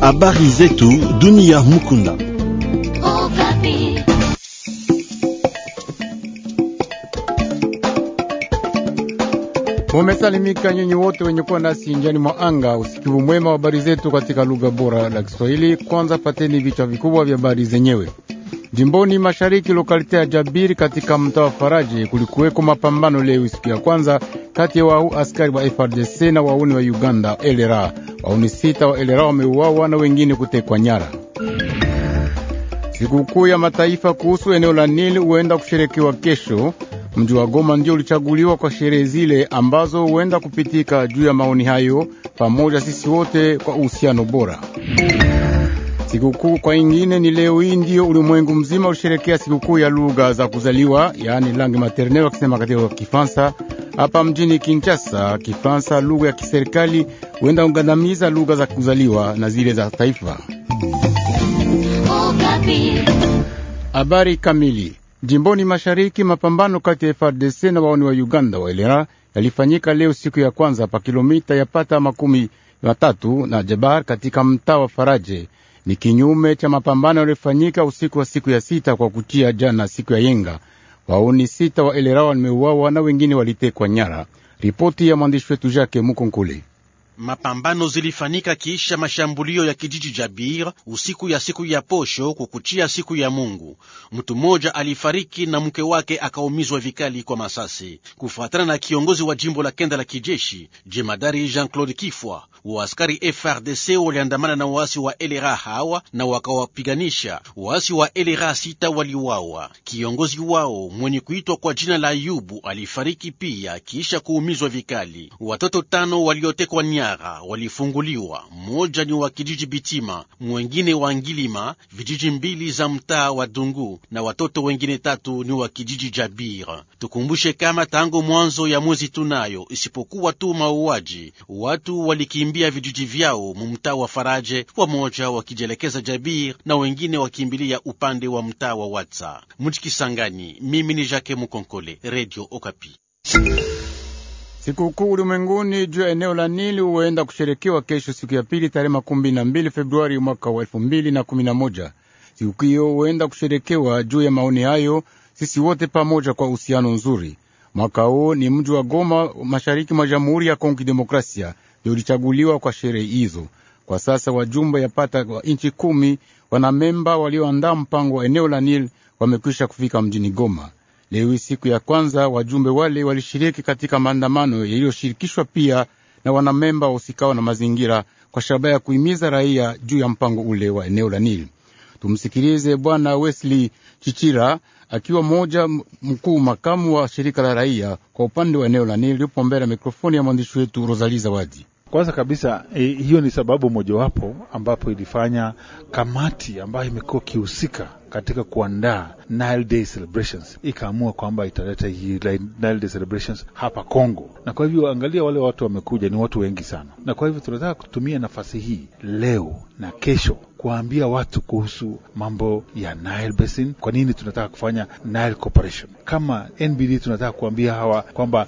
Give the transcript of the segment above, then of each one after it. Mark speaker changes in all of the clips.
Speaker 1: Habari zetu dunia
Speaker 2: mukunda.
Speaker 3: Okapi.
Speaker 2: Mumesalimika nyinyi wote wenye kuwa nasi njani mwa anga, usikivu mwema wa habari zetu katika lugha bora la Kiswahili. Kwanza pateni vichwa vikubwa vya habari zenyewe. Jimboni mashariki lokalite ya Jabiri katika mtaa wa Faraje kulikuweko mapambano leo siku ya kwanza kati ya wau askari wa FRDC na wauni wa Uganda LRA. Wauni sita wa LRA wameuawa na wengine kutekwa nyara. Sikukuu ya mataifa kuhusu eneo la Nili huenda kusherekewa kesho. Mji wa Goma ndio ulichaguliwa kwa sherehe zile ambazo huenda kupitika. Juu ya maoni hayo, pamoja sisi wote kwa uhusiano bora Sikukuu kwa ingine ni leo hii, ndio ulimwengu mzima usherekea sikukuu ya lugha za kuzaliwa, yaani langue maternelle wakisema katika Kifaransa. Hapa mjini Kinshasa, Kifaransa lugha ya kiserikali huenda ungandamiza lugha za kuzaliwa na zile za taifa. Habari kamili. Jimboni mashariki, mapambano kati ya FARDC na waoni wa Uganda wa elera yalifanyika leo siku ya kwanza pa kilomita pata makumi matatu na Jabar katika mtaa wa Faraje ni kinyume cha mapambano yaliyofanyika usiku wa siku ya sita kwa kutia jana siku ya yenga, wauni sita wa elerawa wameuawa na wengine walitekwa nyara. Ripoti ya mwandishi wetu Jake Mukonkule.
Speaker 1: Mapambano zilifanika kiisha mashambulio ya kijiji cha Bir usiku ya siku ya posho kukuchia siku ya Mungu. Mtu mmoja alifariki na mke wake akaumizwa vikali kwa masasi, kufuatana na kiongozi wa jimbo la kenda la kijeshi jemadari Jean Claude Kifwa waaskari FRDC waliandamana na waasi wa LRA hawa na wakawapiganisha. Waasi wa LRA sita waliwawa. Kiongozi wao mwenye kuitwa kwa jina la Ayubu alifariki pia kisha kuumizwa vikali. Watoto tano waliotekwa nyara walifunguliwa, mmoja ni wa kijiji Bitima, mwengine wa Ngilima, vijiji mbili za mtaa wa Dungu, na watoto wengine tatu ni wa kijiji Jabir. Tukumbushe kama tangu mwanzo ya mwezi tunayo isipokuwa tu mauaji, watu walikimbia walikimbia vijiji vyao mumtaa wa Faraje, wamoja wakijielekeza Jabir na wengine wakimbilia upande wa mtaa wa Watsa Mujikisangani. Mimi ni Jake Mukonkole, Radio Okapi.
Speaker 2: Sikukuu ulimwenguni juu ya eneo la Nili huenda kusherekewa kesho, siku ya pili, tarehe makumi na mbili Februari mwaka wa elfu mbili na kumi na moja. Siku hiyo huenda kusherekewa juu ya maoni hayo, sisi wote pamoja kwa uhusiano nzuri. Mwaka huu ni mji wa Goma, mashariki mwa Jamhuri ya Kongo Demokrasia, ulichaguliwa kwa sherehe hizo. Kwa sasa wajumbe yapata wa nchi kumi wanamemba walioandaa mpango wa eneo la Nil wamekwisha kufika mjini Goma. Leo siku ya kwanza, wajumbe wale walishiriki katika maandamano yaliyoshirikishwa pia na wanamemba wahusikao na mazingira kwa shabaha ya kuhimiza raia juu ya mpango ule wa eneo la Nil. Tumsikilize Bwana Wesley Chichira akiwa mmoja mkuu makamu wa shirika la raia kwa upande wa eneo la Nil, yupo mbele ya mikrofoni ya mwandishi wetu rosali Zawadi. Kwanza kabisa eh, hiyo ni sababu mojawapo ambapo ilifanya kamati ambayo imekuwa ikihusika katika kuandaa Nile Day celebrations, ikaamua kwamba italeta hii Nile Day celebrations hapa Kongo. Na kwa hivyo angalia, wale watu wamekuja ni watu wengi sana, na kwa hivyo tunataka kutumia nafasi hii leo na kesho kuambia watu kuhusu mambo ya Nile Basin. Kwa nini tunataka kufanya Nile Corporation kama NBD? Tunataka kuambia hawa kwamba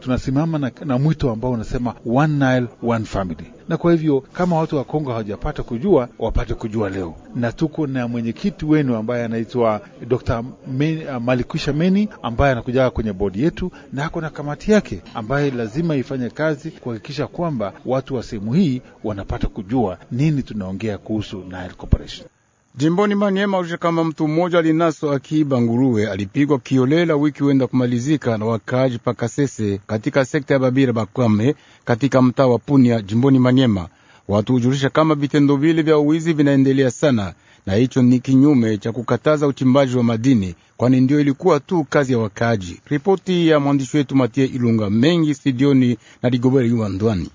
Speaker 2: tunasimama tuna na, na mwito ambao unasema one Nile one family na kwa hivyo kama watu wa Kongo hawajapata kujua, wapate kujua leo. Na tuko na mwenyekiti wenu ambaye anaitwa Dr. Meni, uh, Malikwisha Meni ambaye anakujaa kwenye bodi yetu na ako na kamati yake ambaye lazima ifanye kazi kuhakikisha kwamba watu wa sehemu hii wanapata kujua nini tunaongea kuhusu Nile Corporation. Jimboni Maniema ulisha kama mtu mmoja alinaso akiiba nguruwe alipigwa kiolela wiki wenda kumalizika na wakaaji Pakasese katika sekta ya Babira Bakwame katika mtaa wa Punia jimboni Maniema. Watu hujulisha kama vitendo vile vya uwizi vinaendelea sana, na hicho ni kinyume cha kukataza uchimbaji wa madini, kwani ndio ilikuwa tu kazi ya wakaaji. Ripoti ya mwandishi wetu matia Ilunga mengi studioni na Ligoberi Wandwani.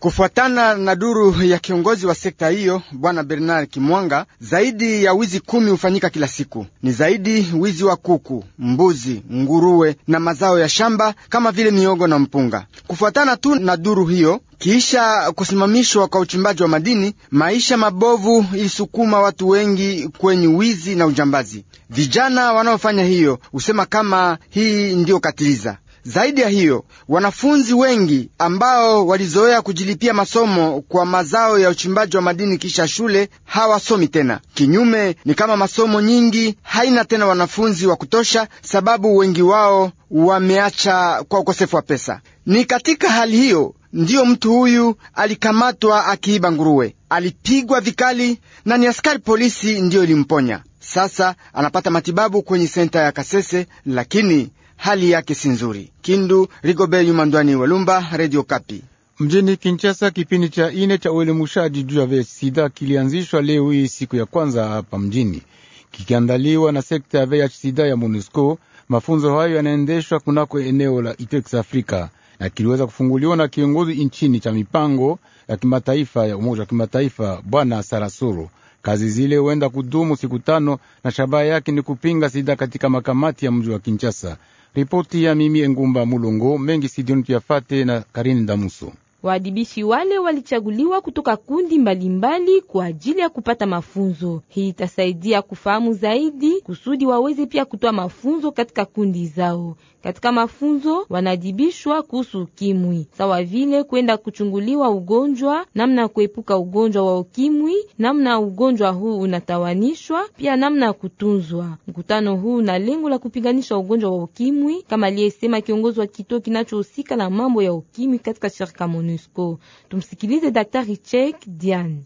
Speaker 4: Kufuatana na duru ya kiongozi wa sekta hiyo bwana Bernard Kimwanga, zaidi ya wizi kumi hufanyika kila siku. Ni zaidi wizi wa kuku, mbuzi, nguruwe na mazao ya shamba kama vile miogo na mpunga. Kufuatana tu na duru hiyo, kisha kusimamishwa kwa uchimbaji wa madini, maisha mabovu ilisukuma watu wengi kwenye wizi na ujambazi. Vijana wanaofanya hiyo husema kama hii ndiyo katiliza zaidi ya hiyo, wanafunzi wengi ambao walizoea kujilipia masomo kwa mazao ya uchimbaji wa madini kisha shule hawasomi tena. Kinyume ni kama masomo nyingi haina tena wanafunzi wa kutosha, sababu wengi wao wameacha kwa ukosefu wa pesa. Ni katika hali hiyo ndiyo mtu huyu alikamatwa akiiba nguruwe, alipigwa vikali na ni askari polisi ndiyo ilimponya. Sasa anapata matibabu kwenye senta ya Kasese, lakini hali yake si nzuri. Kindu, Rigobe Yumandwani Walumba, Radio Kapi. Mjini
Speaker 2: Kinshasa, kipindi cha ine cha uelimushaji juu ya VIH-Sida kilianzishwa leo hii siku ya kwanza hapa mjini, kikiandaliwa na sekta ya VIH-Sida ya MONUSCO. Mafunzo hayo yanaendeshwa kunako eneo la Itex Africa na kiliweza kufunguliwa na kiongozi nchini cha mipango ya kimataifa ya Umoja wa Kimataifa Bwana Sarasuru. Kazi zile huenda kudumu siku tano na shabaha yake ni kupinga sida katika makamati ya mji wa Kinshasa. Ripoti ya mimi Engumba Mulongo mengi Sidioni tuyafate na Karini Damuso.
Speaker 3: Waadibishi wale walichaguliwa kutoka kundi mbalimbali mbali kwa ajili ya kupata mafunzo. Hii itasaidia kufahamu zaidi kusudi waweze pia kutoa mafunzo katika kundi zao. Katika mafunzo wanadibishwa kuhusu ukimwi, sawa vile kwenda kuchunguliwa ugonjwa, namna kuepuka ugonjwa wa ukimwi, namna ugonjwa huu unatawanishwa, pia namna ya kutunzwa. Mkutano huu na lengo la kupiganisha ugonjwa wa ukimwi, kama aliyesema kiongozi wa kituo kinachohusika na mambo ya ukimwi katika shirika MONUSCO. Tumsikilize Daktari Chek Dian.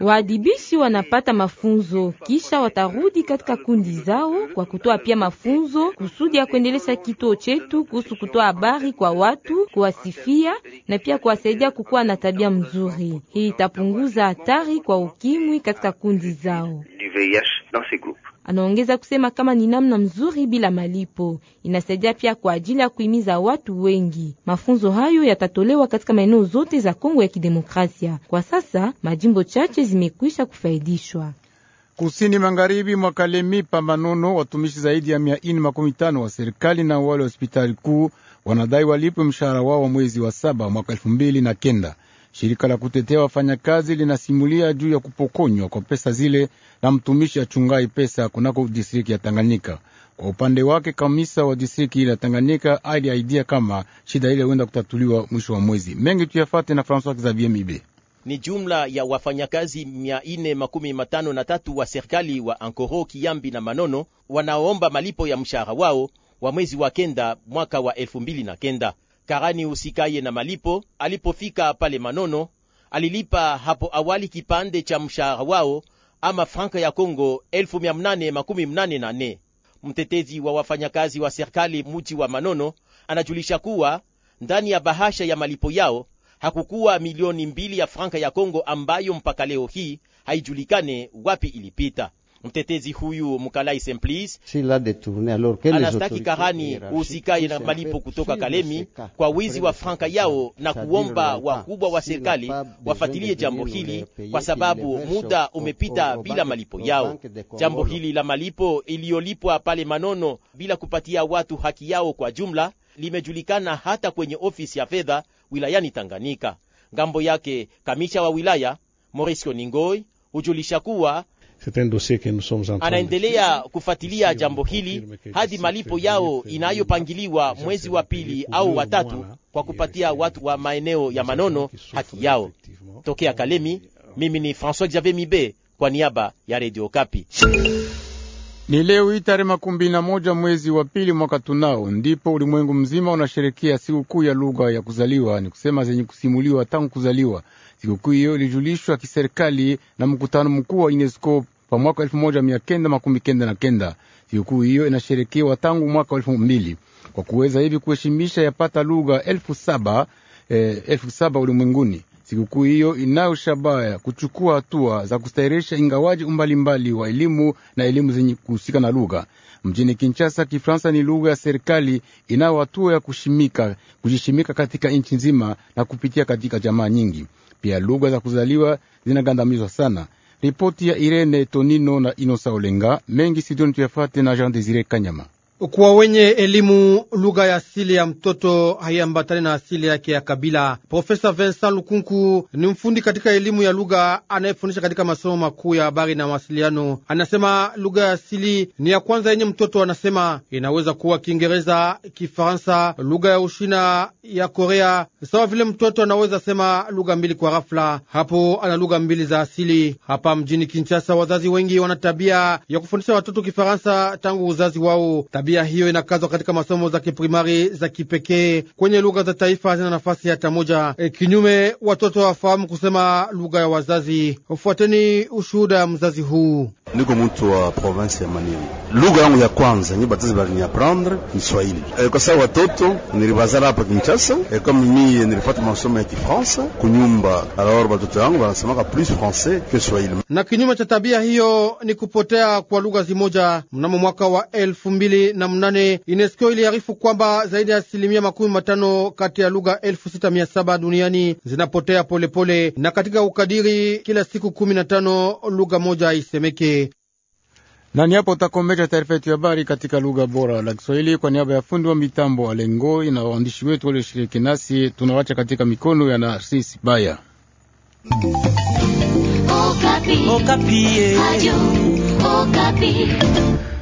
Speaker 3: Waadibishi wanapata mafunzo, kisha watarudi katika kundi zao kwa kutoa pia mafunzo kusudi ya kuendeleza kituo chetu kuhusu kutoa habari kwa watu, kuwasifia na pia kuwasaidia kukuwa na tabia mzuri. Hii itapunguza hatari kwa ukimwi katika kundi zao. Anaongeza kusema kama ni namna mzuri bila malipo, inasaidia pia kwa ajili ya kuhimiza watu wengi. Mafunzo hayo yatatolewa katika maeneo zote za Kongo ya Kidemokrasia. Kwa sasa majimbo chache zimekwisha kufaidishwa
Speaker 2: kusini magharibi mwa Kalemi pamanono, watumishi zaidi ya mia ine makumi tano wa serikali na wale hospitali kuu wanadai walipwe mshahara wao wa mwezi wa saba mwaka elfu mbili na kenda. Shirika la kutetea wafanyakazi linasimulia juu ya kupokonywa kwa pesa zile na mtumishi achungai pesa kunako distriki ya Tanganyika. Kwa upande wake, kamisa wa distriki ile ya Tanganyika aliaidia kama shida ile huenda kutatuliwa mwisho wa mwezi. Mengi tuyafate na François Xavier Mibe
Speaker 5: ni jumla ya wafanyakazi mia wa serikali wa Ankoro, Kiambi na Manono wanaomba malipo ya mshahara wao wa mwezi wa kenda mwaka wa elfu Karani usikaye na malipo alipofika pale Manono alilipa hapo awali kipande cha mshahara wao ama franka ya Kongo elfu Mtetezi wa wafanyakazi wa serikali muji wa Manono anajulisha kuwa ndani ya bahasha ya malipo yao hakukuwa milioni mbili ya franka ya Kongo ambayo mpaka leo hii haijulikane wapi ilipita. Mtetezi huyu Mukalai Semplis
Speaker 4: anastaki karani usikaye na malipo kutoka Kalemi kwa wizi wa franka yao na kuomba wakubwa wa serikali wafatilie jambo hili kwa
Speaker 5: sababu muda umepita bila malipo yao. Jambo hili la malipo iliyolipwa pale Manono bila kupatia watu haki yao kwa jumla limejulikana hata kwenye ofisi ya fedha wilayani Tanganyika. Ngambo yake kamisha wa wilaya Maurice Ningoi hujulisha kuwa anaendelea kufuatilia jambo hili hadi malipo yao inayopangiliwa mwezi wa pili au watatu kwa kupatia watu wa maeneo ya Manono haki yao. Tokea Kalemi, mimi ni François Xavier Mibe kwa niaba ya Radio Kapi.
Speaker 2: Ni leo hii tarehe makumi na moja mwezi wa pili mwaka tunao, ndipo ulimwengu mzima unasherekea sikukuu ya lugha ya kuzaliwa, ni kusema zenye kusimuliwa tangu kuzaliwa. Sikukuu hiyo ilijulishwa kiserikali na mkutano mkuu wa UNESCO pa mwaka elfu moja mia kenda makumi kenda na kenda. Sikukuu hiyo inasherekewa tangu mwaka elfu mbili kwa kuweza hivi kuheshimisha yapata lugha elfu saba, eh, elfu saba ulimwenguni. Sikukuu hiyo inayo ya kuchukua hatua za kustahirisha ingawaji umbalimbali wa elimu na elimu zenye kuhusika na lugha. Mjini Kinshasa, Kifransa ni lugha ya serikali inayo hatua ya kushimika, kujishimika katika nchi nzima na kupitia katika jamaa nyingi. Pia lugha za kuzaliwa zinagandamizwa sana. Ripoti ya Irene Tonino na Inosa Olenga mengi Sidoni tuyafate na Jean Desire Kanyama.
Speaker 6: Kwa wenye elimu, lugha ya asili ya mtoto haiambatani na asili yake ya kabila. Profesa Vincent Lukunku ni mfundi katika elimu ya lugha anayefundisha katika masomo makuu ya habari na mawasiliano. Anasema lugha ya asili ni ya kwanza yenye mtoto anasema, inaweza kuwa Kiingereza, Kifaransa, lugha ya Ushina, ya Korea, sawa vile mtoto anaweza sema lugha mbili kwa ghafla. Hapo ana lugha mbili za asili. Hapa mjini Kinshasa, wazazi wengi wana tabia ya kufundisha watoto Kifaransa tangu uzazi wao. Tabia hiyo inakazwa katika masomo za kiprimari za kipekee kwenye lugha za taifa zina nafasi hata moja e, kinyume watoto wafahamu kusema lugha ya wazazi. Ufuateni ushuhuda ya mzazi huu.
Speaker 2: Niko mtu wa province ya Maniema, lugha yangu ya kwanza nyi batazi balini baliniaprendre ni Swahili e, kwa sababu watoto nilibazala hapa Kinshasa e, kama mimi nilipata masomo ya Kifransa kunyumba, alors watoto yangu wanasemaka plus francais que Swahili.
Speaker 6: Na kinyume cha tabia hiyo ni kupotea kwa lugha zimoja mnamo mwaka wa elfu mbili na mnane, UNESCO iliarifu kwamba zaidi ya asilimia makumi matano kati ya lugha elfu sita mia saba duniani zinapotea polepole pole, na katika ukadiri kila siku
Speaker 2: kumi na tano lugha moja haisemeke. Na hapo utakomesha taarifa yetu ya habari katika lugha bora la Kiswahili. Kwa niaba ya fundi wa mitambo Alengoi na waandishi wetu walioshiriki nasi, tunawacha katika mikono ya Narsisi Baya
Speaker 4: Okapi. Okapi.